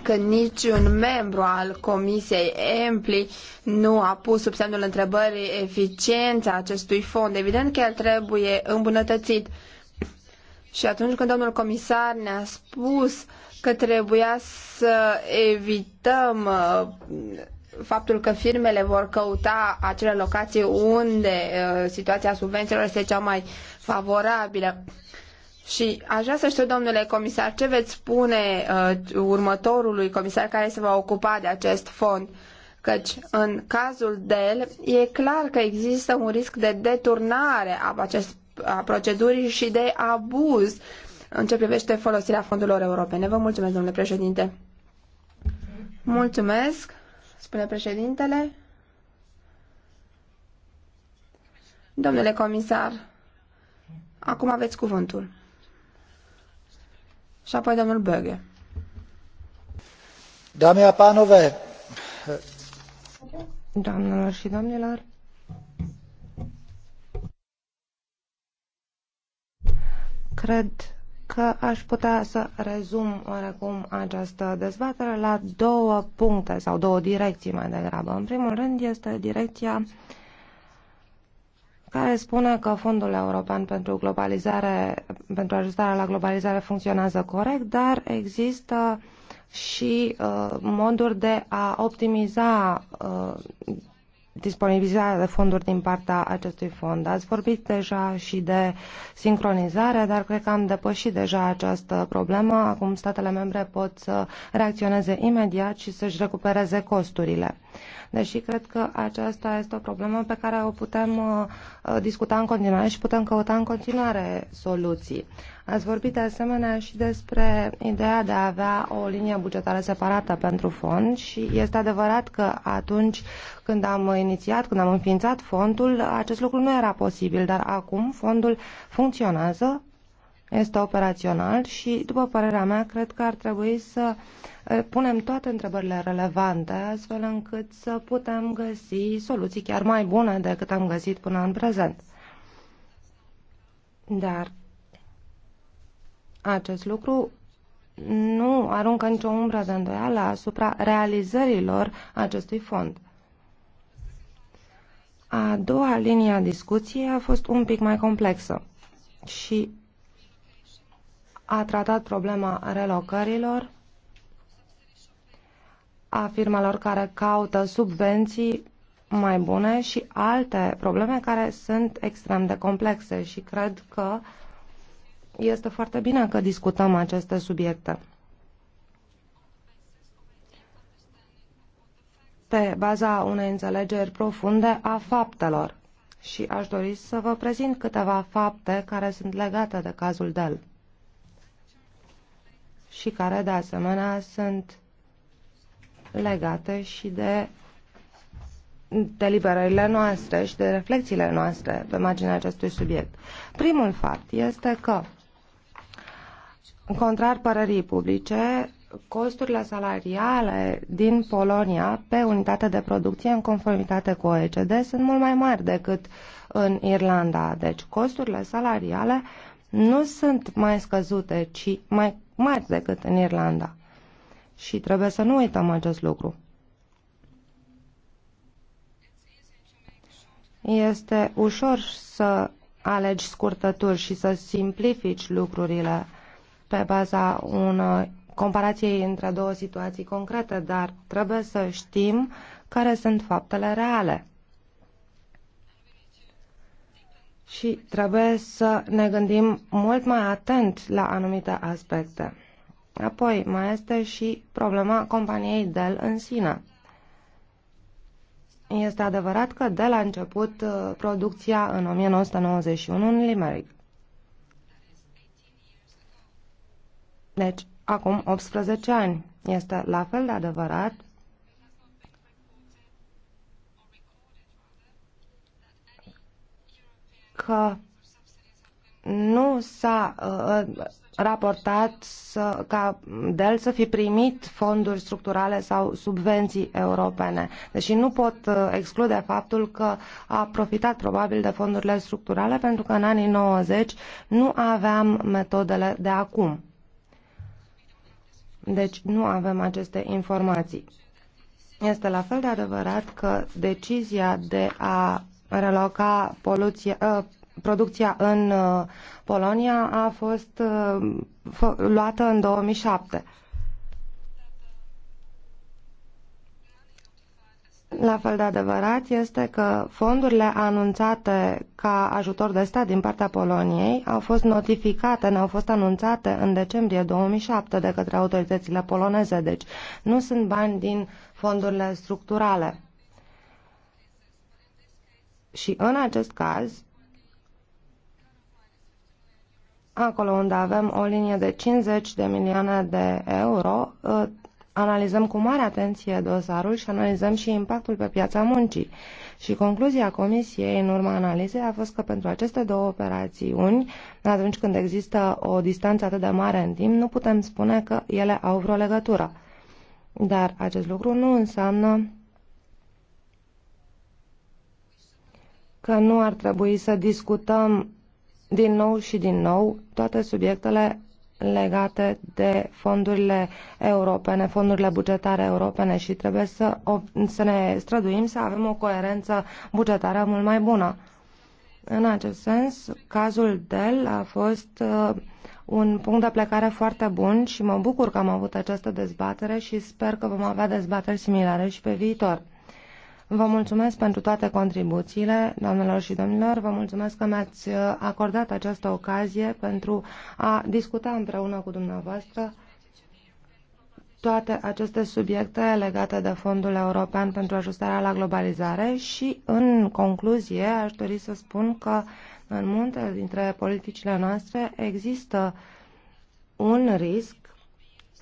C: că niciun membru al Comisiei EMPLI nu a pus sub semnul întrebării eficiența acestui fond. Evident că el trebuie îmbunătățit. Și atunci când domnul comisar ne-a spus că trebuia să evităm uh, faptul că firmele vor căuta acele locații unde uh, situația subvențiilor este cea mai favorabilă. Și aș vrea să știu, domnule comisar, ce veți spune uh, următorului comisar care se va ocupa de acest fond? Căci în cazul DEL e clar că există un risc de deturnare a, acest, a procedurii și de abuz în ce privește folosirea fondurilor europene. Vă mulțumesc, domnule președinte. Mulțumesc spune președintele. Domnule comisar, acum aveți cuvântul.
B: Și apoi domnul Böge. Doamne panove! Doamnelor și domnilor, cred că aș putea să rezum oarecum această dezbatere la două puncte sau două direcții mai degrabă. În primul rând este direcția care spune că Fondul European pentru globalizare, pentru ajustarea la globalizare funcționează corect, dar există și uh, moduri de a optimiza uh, disponibilizarea de fonduri din partea acestui fond. Ați vorbit deja și de sincronizare, dar cred că am depășit deja această problemă. Acum statele membre pot să reacționeze imediat și să-și recupereze costurile. Deși cred că aceasta este o problemă pe care o putem uh, discuta în continuare și putem căuta în continuare soluții. Ați vorbit de asemenea și despre ideea de a avea o linie bugetară separată pentru fond și este adevărat că atunci când am inițiat, când am înființat fondul, acest lucru nu era posibil, dar acum fondul funcționează, este operațional și, după părerea mea, cred că ar trebui să eh, punem toate întrebările relevante, astfel încât să putem găsi soluții chiar mai bune decât am găsit până în prezent. Dar acest lucru nu aruncă nicio umbră de îndoială asupra realizărilor acestui fond. A doua linie a discuției a fost un pic mai complexă și a tratat problema relocărilor, a firmelor care caută subvenții mai bune și alte probleme care sunt extrem de complexe și cred că uh, este foarte bine că discutăm aceste subiecte. Pe baza unei înțelegeri profunde a faptelor. Și aș dori să vă prezint câteva fapte care sunt legate de cazul Dell și care, de asemenea, sunt legate și de deliberările noastre și de reflexiile noastre pe marginea acestui subiect. Primul fapt este că Contrar părării publice, costurile salariale din Polonia pe unitate de producție în conformitate cu OECD sunt mult mai mari decât în Irlanda. Deci costurile salariale nu sunt mai scăzute, ci mai mari decât în Irlanda. Și trebuie să nu uităm acest lucru. Este ușor să alegi scurtături și să simplifici lucrurile pe baza unor comparației între două situații concrete, dar trebuie să știm care sunt faptele reale. Și trebuie să ne gândim mult mai atent la anumite aspecte. Apoi, mai este și problema companiei Dell în sine. Este adevărat că de la început uh, producția în 1991 în Limerick. Deci, acum 18 ani. Este la fel de adevărat că nu s-a uh, raportat să, ca DEL să fi primit fonduri structurale sau subvenții europene. Deși nu pot uh, exclude faptul că a profitat probabil de fondurile structurale pentru că în anii 90 nu aveam metodele de acum. Deci nu avem aceste informații. Este la fel de adevărat că decizia de a reloca poluție, uh, producția în uh, Polonia a fost uh, luată în 2007. La fel de adevărat este că fondurile anunțate ca ajutor de stat din partea Poloniei au fost notificate, ne-au fost anunțate în decembrie 2007 de către autoritățile poloneze, deci nu sunt bani din fondurile structurale. Și în acest caz, acolo unde avem o linie de 50 de milioane de euro, ă, analizăm cu mare atenție dosarul și analizăm și impactul pe piața muncii. Și concluzia comisiei în urma analizei a fost că pentru aceste două operațiuni, atunci când există o distanță atât de mare în timp, nu putem spune că ele au vreo legătură. Dar acest lucru nu înseamnă că nu ar trebui să discutăm din nou și din nou toate subiectele legate de fondurile europene, fondurile bugetare europene și trebuie să, să ne străduim să avem o coerență bugetară mult mai bună. În acest sens, cazul Dell a fost uh, un punct de plecare foarte bun și mă bucur că am avut această dezbatere și sper că vom avea dezbateri similare și pe viitor. Vă mulțumesc pentru toate contribuțiile, doamnelor și domnilor. Vă mulțumesc că mi-ați uh, acordat această ocazie pentru a discuta împreună cu dumneavoastră toate aceste subiecte legate de Fondul European pentru Ajustarea la Globalizare și, în concluzie, aș dori să spun că în multe dintre politicile noastre există un risc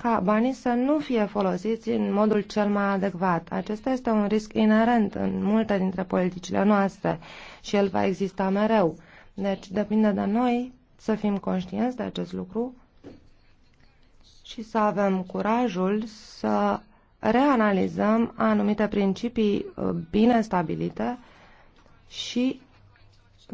B: ca banii să nu fie folosiți în modul cel mai adecvat. Acesta este un risc inerent în multe dintre politicile noastre și el va exista mereu. Deci depinde de noi să fim conștienți de acest lucru și să avem curajul să reanalizăm anumite principii uh, bine stabilite și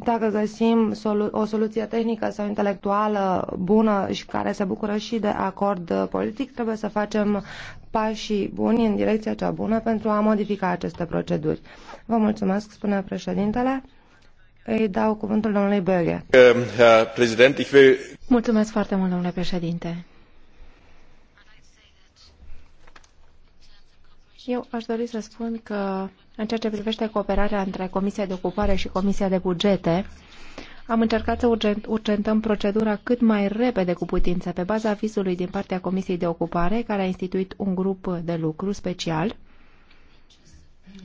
B: dacă găsim solu- o soluție tehnică sau intelectuală bună și care se bucură și de acord politic, trebuie să facem pașii buni în direcția cea bună pentru a modifica aceste proceduri. Vă mulțumesc, spune președintele. Îi dau cuvântul domnului Böge. Uh, mulțumesc foarte mult, domnule președinte.
A: Eu aș dori să spun că în ceea ce privește cooperarea între Comisia de Ocupare și Comisia de Bugete, am încercat să urgent, urgentăm procedura cât mai repede cu putință pe baza avizului din partea Comisiei de Ocupare, care a instituit un grup de lucru special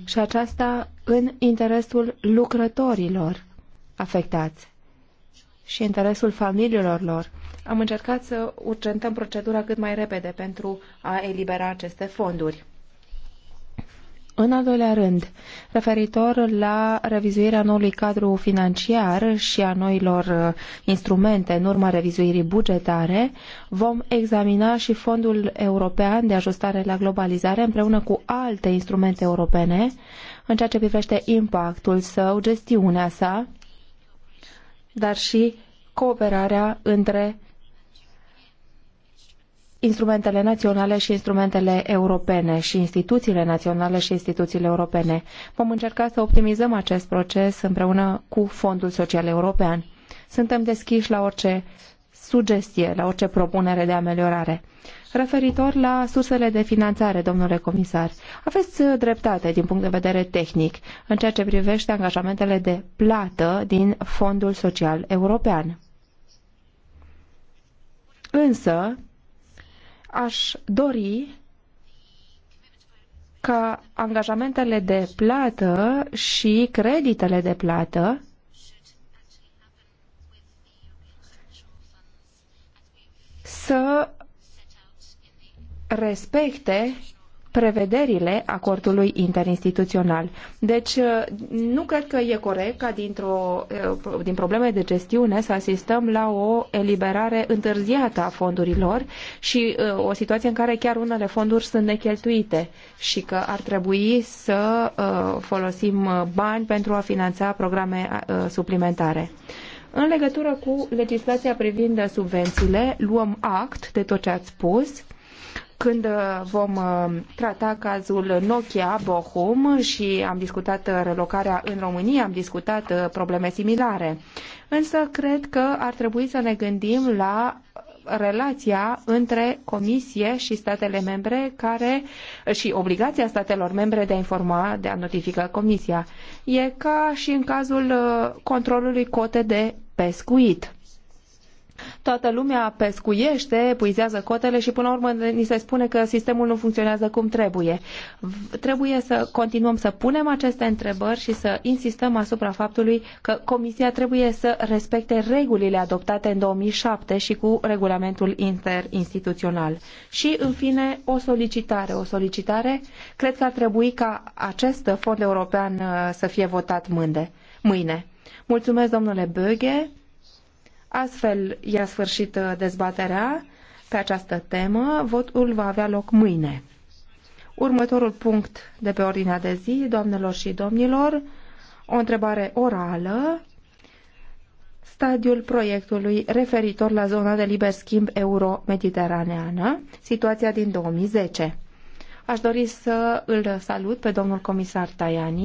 A: și aceasta în interesul lucrătorilor afectați și interesul familiilor lor. Am încercat să urgentăm procedura cât mai repede pentru a elibera aceste fonduri. În al doilea rând, referitor la revizuirea noului cadru financiar și a noilor uh, instrumente în urma revizuirii bugetare, vom examina și Fondul European de Ajustare la Globalizare împreună cu alte instrumente europene în ceea ce privește impactul său, gestiunea sa, dar și cooperarea între instrumentele naționale și instrumentele europene și instituțiile naționale și instituțiile europene. Vom încerca să optimizăm acest proces împreună cu Fondul Social European. Suntem deschiși la orice sugestie, la orice propunere de ameliorare. Referitor la sursele de finanțare, domnule comisar, aveți dreptate din punct de vedere tehnic în ceea ce privește angajamentele de plată din Fondul Social European. Însă, Aș dori ca angajamentele de plată și creditele de plată să respecte prevederile acordului interinstituțional. Deci uh, nu cred că e corect ca dintr-o, uh, din probleme de gestiune să asistăm la o eliberare întârziată a fondurilor și uh, o situație în care chiar unele fonduri sunt necheltuite și că ar trebui să folosim bani pentru a finanța programe suplimentare. În legătură cu legislația privind subvențiile, luăm act de tot ce ați spus când uh, vom uh, trata cazul Nokia Bochum și am discutat uh, relocarea în România, am discutat probleme similare. Însă cred că ar trebui să ne gândim la relația între Comisie și statele membre care și obligația statelor membre de a informa, de a notifica Comisia. E ca și în cazul controlului cote de pescuit toată lumea pescuiește, puizează cotele și până la urmă ni se spune că sistemul nu funcționează cum trebuie. Trebuie să continuăm să punem aceste întrebări și să insistăm asupra faptului că Comisia trebuie să respecte regulile adoptate în 2007 și cu regulamentul interinstituțional. Și, în fine, o solicitare. O solicitare, cred că ar trebui ca acest fond european uh, să fie votat mâine. Mulțumesc, domnule Böge. Astfel i-a sfârșit uh, dezbaterea pe această temă. Votul va avea loc mâine. Următorul punct de pe ordinea de zi, doamnelor și domnilor, o întrebare orală stadiul proiectului referitor la zona de liber schimb euro-mediteraneană, situația din 2010. Aș dori să îl salut pe domnul comisar Tajani.